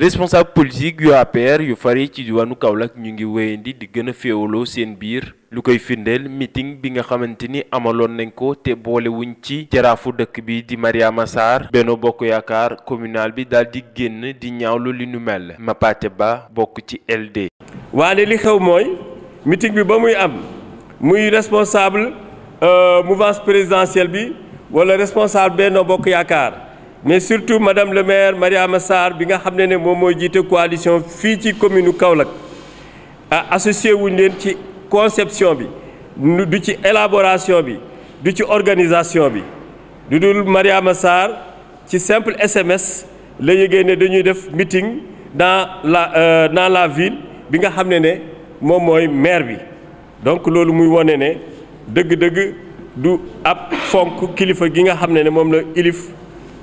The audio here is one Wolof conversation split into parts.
responsable politique yu APR yu fari ci diwaanu Kaolack ñu ngi wéyandi di gën a féewaloo seen biir lu koy findeel meeting bi nga xamante ni amaloon nañ ko te boolewuñ ci jaraafu dëkk bi di Mariama Sarr Benno Bokk Yaakaar communal bi daal di génn di ñaawlu li nu mel Mapate Ba bokk ci LD. waane li xew mooy meeting bi ba muy am muy responsable euh, mouvance présidentielle bi wala responsable Benno Bokk Yaakaar. mais surtout madame le maire Mariama Massar, bi nga xamné né mom moy jité coalition fi ci commune Kaolack associé wuñ len ci conception bi du ci élaboration bi du ci organisation bi dudul Maria Mariama Sarr ci simple SMS la yëgee ne dañuy def meeting dans la euh, dans la ville bi nga xamné né mom moy maire bi donc lolu muy wane né deug deug du ab fonk kilifa gi nga xamné né mom la ilif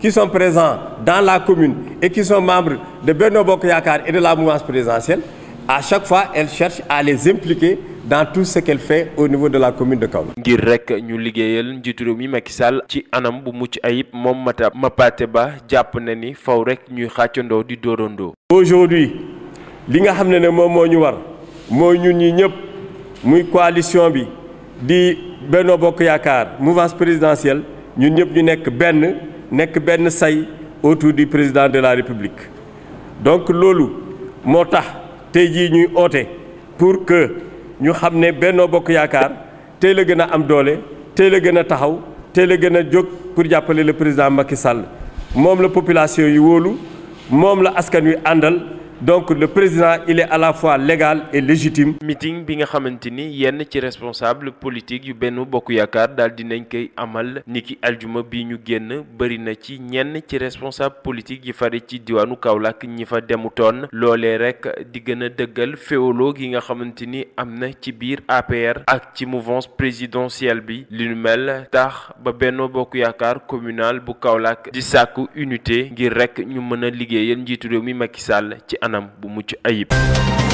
qui sont présents dans la commune et qui sont membres de Bernard Bokoyakar et de la mouvance présidentielle, à chaque fois, elle cherche à les impliquer dans tout ce qu'elle fait au niveau de la commune de Kaolack. ngir rek ñu liggéeyal njiitu réew mi Macky Sall ci anam bu mucc ayib mom Mata mapaté Ba japp na ni faw rek ñuy xàccandoo di dorondo. aujourd'hui li nga xamné né mom mo ñu war moy ñun ñi ñëpp muy coalition bi di Benno Bokk Yakar, mouvance présidentielle ñun ñëpp ñu nekk benn nek Ben say autour du président de la république donc lolu motax tax tey ñuy pour que ñu xamné Benno Bokk yaakar tay la gëna am doolé tay la taxaw pour le président Macky Sall la population yi wolu Mom la askan donc le président il est à la fois légal et légitime. meeting bi nga xamanteni yenn ci responsable politique yu benn bokk yaakaar daal dinañ koy amal niki aljuma bi ñu genn bari na ci ñenn ci responsable politique yi fari ci diwanu Kaolack ñi fa ton lolé rek di gëna féolo nga xamanteni amna ci biir APR ak ci mouvance présidentielle bi li nu mel tax ba benno bokku yakar communal bu Kaolack di sàkku unité ngir rek ñu mëna liggéeyal rew mi Macky Sall ci. anam bu mucc ayib